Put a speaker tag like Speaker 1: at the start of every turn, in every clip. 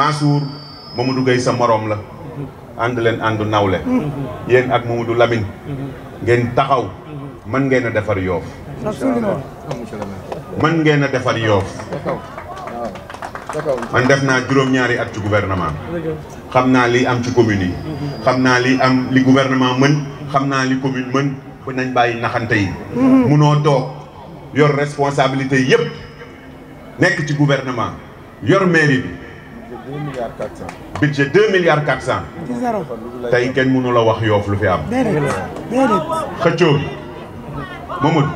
Speaker 1: Mansour Mamadou Gueye sa moroom la ànd leen àndu nawle yéen ak Mamadou Lamine ngeen taxaw man ngeen a defar yoof mën ngeen a defar yoof man def naa juróom-ñaari at ci gouvernement xam naa li am ci commune yi xam naa li am li gouvernement mën xam naa li commune mën fu nañ bàyyi naxante yi munoo toog yor responsabilité yépp nekk ci gouvernement yor mairie bi 2 milliards 400. budget 2 milliards 400. ci tey kenn mënu wax yoof lu fi am. déedéet déedéet. xëccoo bi Mamadou.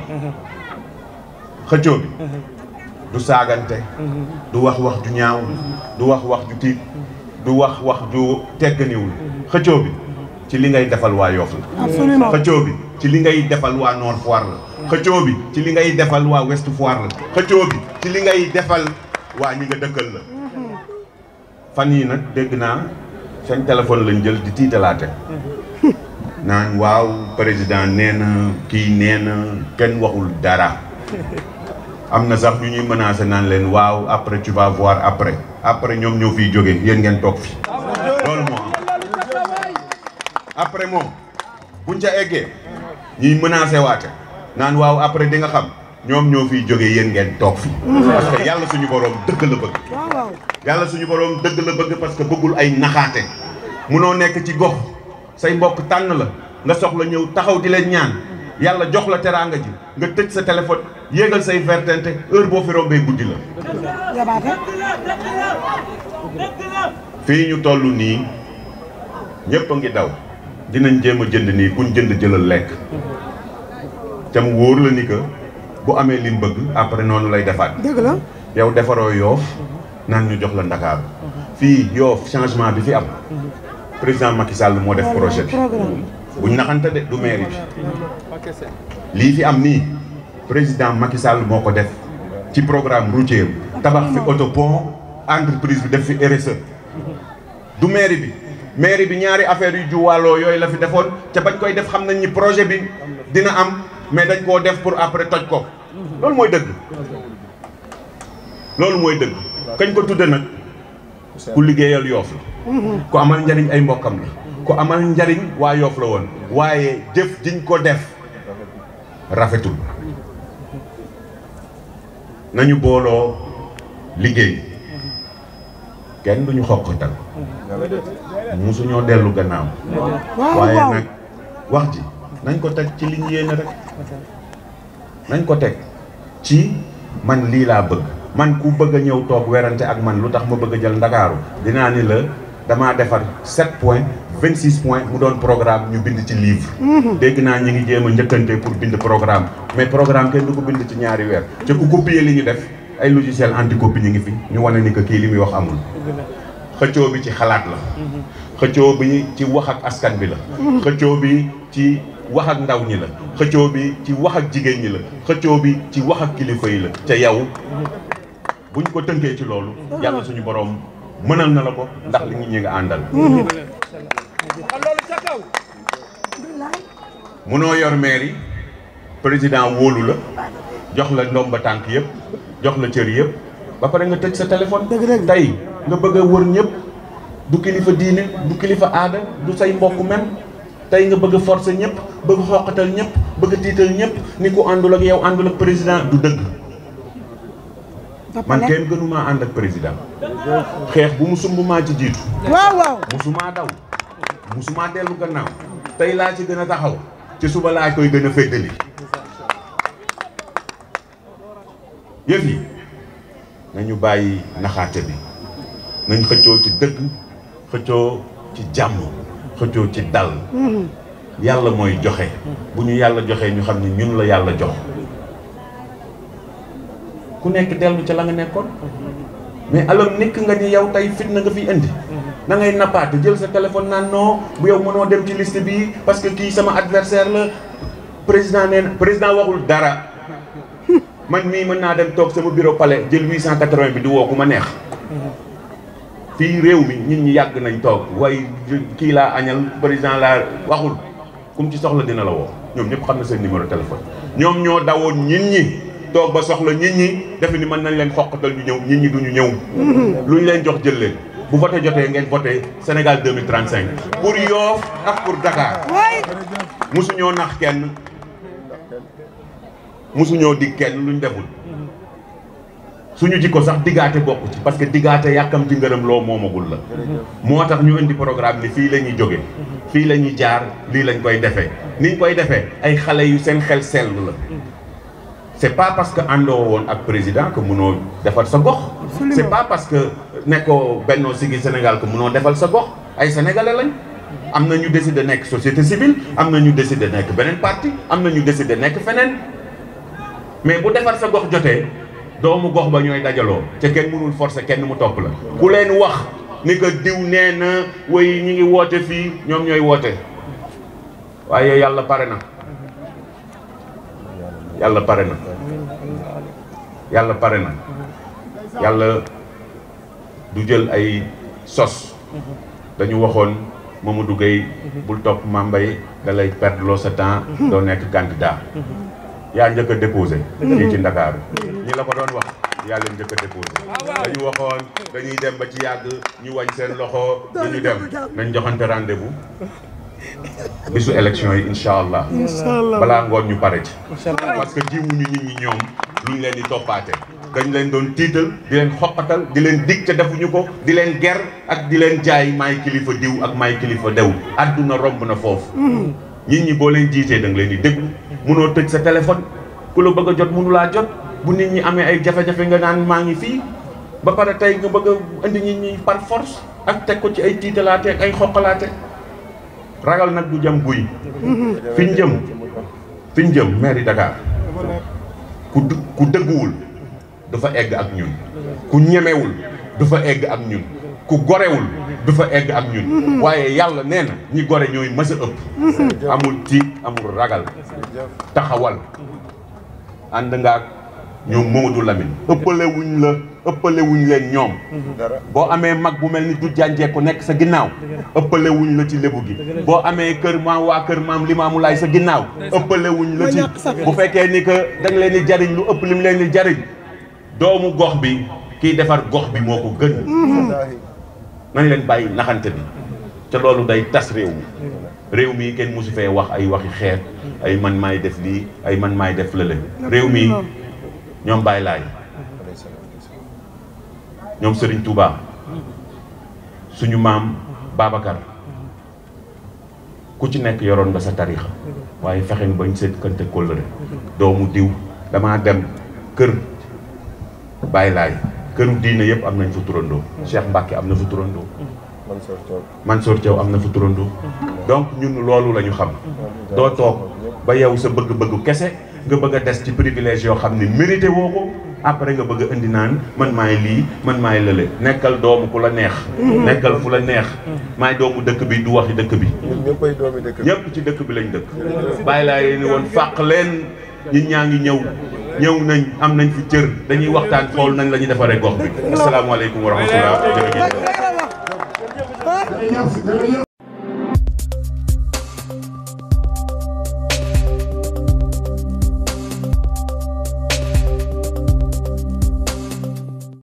Speaker 1: xëccoo bi. du saagante. du wax wax ju ñaaw. du wax wax ju tiit. du wax wax ju tegganiwul. xëccoo bi ci li ngay defal waa yoof la. bi ci li ngay defal waa Nord Foire la. xëccoo bi ci li ngay defal waa West Foire la. xëccoo bi ci li ngay defal waa ñi nga dëkkal la. fan yi nag dégg naa seen téléphone lañ jël di tiitalaate naan waaw président nee na kii nee na kenn waxul dara am na sax ñu ñuy menacé naan leen waaw après tu vas voir après après ñoom ñoo fiy jógee yéen ngeen toog fi loolu moo après moom buñ ca eggee ñuy menacé waate naan waaw après di nga xam ñom ñoo fi joggé yeen ngeen tok fi parce que yalla suñu borom deug la bëgg yalla suñu borom deug la bëgg parce que bëggul ay naxaté mëno nekk ci gox say mbokk tan la nga soxla ñew taxaw di leen ñaan yalla jox la teraanga ji nga tëj sa téléphone yéggal say vertente heure bo fi rombé guddi
Speaker 2: la
Speaker 1: fi ñu tollu ni ñepp nga daw dinañ jëma jënd ni buñ jënd jëlal lek te mu la ni que bu amé lim bëgg après nonu lay défat dëgg la yow défaro yoof nan ñu jox la dakar fi yoof changement bi fi am. président Macky Sall mo def projet
Speaker 2: bu ñaxanté dé du maire bi.
Speaker 1: li fi am ni président Macky Sall moko def ci programme routier tabax fi autopont entreprise bi def fi RSE. du maire bi maire bi ñaari affaire yu juwaaloo yoy la fi defoon ca bañ koy def xam nañ ni projet bi dina am. mais dañ koo def pour après toj ko loolu mooy dëgg loolu mooy dëgg kañ ko tudde nag ku liggéeyal yoof la ku amal njariñ ay mbokkam la ku amal njariñ waa yoof la woon waaye jëf jiñ ko def rafetul nañu booloo liggéey kenn duñu xoqatal musuñoo dellu gannaaw waaye nag wax ji nañ ko tek ci liñ yéene rek nañ ko tek ci man lii laa bëgg man ku bëgg a ñëw toog werante ak man lu tax ma bëgg a jël ndakaaru dinaa ni la dama defar 7 point 26 point mu doon programme ñu bind ci livre mhm. dégg naa ñi ngi jéem a njëkkante pour bind programme mais programme kenn du ko bind ci ñaari weer ci ku copier li ñu def ay logiciel anticopie ñu ngi fi ñu wane ni que kii li muy wax amul xëccoo bi ci xalaat la mhm. xëccoo bi ci wax ak askan bi la mhm. xëccoo bi ci wax ak ndaw ñi la xëccoo bi ci wax ak jigéen ñi la xëccoo bi ci wax ak kilifa yi la te yow buñ ko tënkee ci loolu yàlla suñu boroom mënal na la ko ndax li ngi ñi nga àndal noo yor mairie président wóolu la jox la ndomba tànk yëpp jox la cër yëpp ba pare nga tëj sa téléphone tey nga bëgg a wër ñëpp du kilifa diine du kilifa aada du say mbokk même tey nga bëgg a forcer ñëpp bëgg xoqatal ñëpp bëgg tiital ñëpp ni ku àndul ak yow àndul ak président du dëgg. man kenn gënumaa ànd ak président. xeex bu mu sumb maa ci jiitu. waaw musumaa daw. musumaa dellu gannaaw. tey laa ci gën a taxaw. ci suba laa koy gën a féetali. yëf yi nañu bàyyi naxaate bi nañ xëccoo ci dëgg xëccoo ci jàmm. xëccoo ci dal hmm. yalla moy joxe buñu yalla joxe ñu xamni ñun la yalla jox ku nekk delu ci la nga nekkon mais alam nekk nga ni yow tay fitna nga fi indi da hmm. ngay jël sa téléphone nan no bu yow mëno dem ci liste bi parce que ki sama adversaire le président né président waxul dara man mi mëna dem tok sama bureau palais jël 880 bi du wo ku ma neex fii réew mi nit ñi yàgg nañ toog waaye kii laa añal président laa waxul kum ci soxla dina la woo ñoom ñëpp xam na seen numéro téléphone ñoom ñoo dawoon nit ñi toog ba soxla nit ñi defe ni mën nañ leen xoqatal ñu ñëw nit ñi duñu ñëw lu ñu leen jox jël bu voté jotee ngeen voté Sénégal 2035 pour Yoff ak pour Dakar mosuñoo nax kenn mosuñoo dig kenn luñ deful suñu jikko sax digaté bokku ci parce que digaté yakam ci ngeureum lo momagul la motax ñu indi programme ni fi lañuy joggé fi lañuy jaar li lañ koy defee niñ koy défé ay xalé yu seen xel sel la c'est pas parce que ando won ak président que mëno defal sa gox c'est pas parce que neko benno sigi Sénégal que mëno défal sa gox ay sénégalais lañ amna ñu décidé nek société civile amna ñu décidé nek benen parti amna ñu décidé nek fenen mais bu défar sa gox joté doomu gox ba ñooy dajaloo te kenn mënul forcer kenn mu topp la ku leen wax ni ko diw nee na way ñi ngi woote fii ñoom ñooy woote waaye yàlla pare na yàlla pare na yàlla pare yàlla du jël ay sos dañu waxoon Mamadou Gueye bul topp Mambay yi lay perdre sa temps doo nekk candidat yaa njëkk a déposé mm-hmm. fii ci Ndakaaru la ko doon wax yaa leen njëkk a déposé ah, dañu waxoon dañuy dem ba ci yàgg ñu wañ seen loxo dañu dem nañ joxante rendez-vous bisu élection yi incha allah balaa ngoon ñu pare ci parce que jiwuñu nit ñi ñoom luñ leen di toppaate dañ leen doon tiital di leen xoqatal di leen dig te defuñu ko di leen ger ak di leen jaay maay kilifa diw ak maay kilifa dew adduna romb na foofu ñi
Speaker 2: hmm.
Speaker 1: ñi boo leen jiitee da nga leen di déglu munoo tëj sa téléphone ku la bëgg a jot mënu laa jot bu nit ñi amé ay jafé jafé nga naan ma ngi fi ba pare tay nga bëgg andi nit ñi par force ak tek ko ci ay tiitalaate ak ay xoqalaate ragal nak du jëm guy fiñ jëm fiñ jëm maire Dakar ku ku deggul du fa egg ak ñun ku ñemewul du fa egg ak ñun ku gorewul du fa egg ak ñun waye yalla neena ñi gore ñoy mësa ëpp amul ti amul ragal taxawal and nga ñoom Mamadou Lamine mm-hmm. ëppale wuñ la ëppale wuñ leen ñoom mm-hmm. boo amee mag bu mel ni du jànjee ko nekk sa ginnaaw ëppale wuñ la ci lébu gi boo amee kër maam waa kër maam Limaamu Laay sa ginnaaw ëppalewuñ la ci bu fekkee ni que dañ leen di jariñ lu ëpp lim leen di jariñ doomu gox bi kiy defar gox bi moo ko gën mm-hmm. nañ leen bàyyi naxante bi te loolu day tas réew mi réew mi kenn mosu fee wax ay waxi xeet ay man maay def lii ay man maay def lële réew mii ñoom Baay Laay ñoom Serigne Touba suñu maam Babacar ku ci nekk yoroon nga sa tarixa waaye fexe bañ seet kante kóllëre doomu diw damaa dem kër Baay Laay këru diine yëpp am nañ fa turandoo Cheikh Mbacke am na fa turandoo Mansour Thiaw am na fa turandoo donc ñun loolu la ñu xam doo toog ba yow sa bëgg-bëggu kese nga bëgg a des ci privilège yoo xam ne mérité woo ko après nga bëgg indi naan man maay lii man maay lële nekkal doomu ku la neex. nekkal fu la neex. maay doomu dëkk bi du waxi dëkk bi. ñëppay doomi dëkk bi ci dëkk bi lañ dëkk. bàyyi laa yéen woon fàq leen ñi ñaa ngi ñëw. ñëw nañ am nañ fi cër dañuy waxtaan xool nañ la ñuy defaree gox bi asalaamaaleykum wa rahmatulah jërëjëf.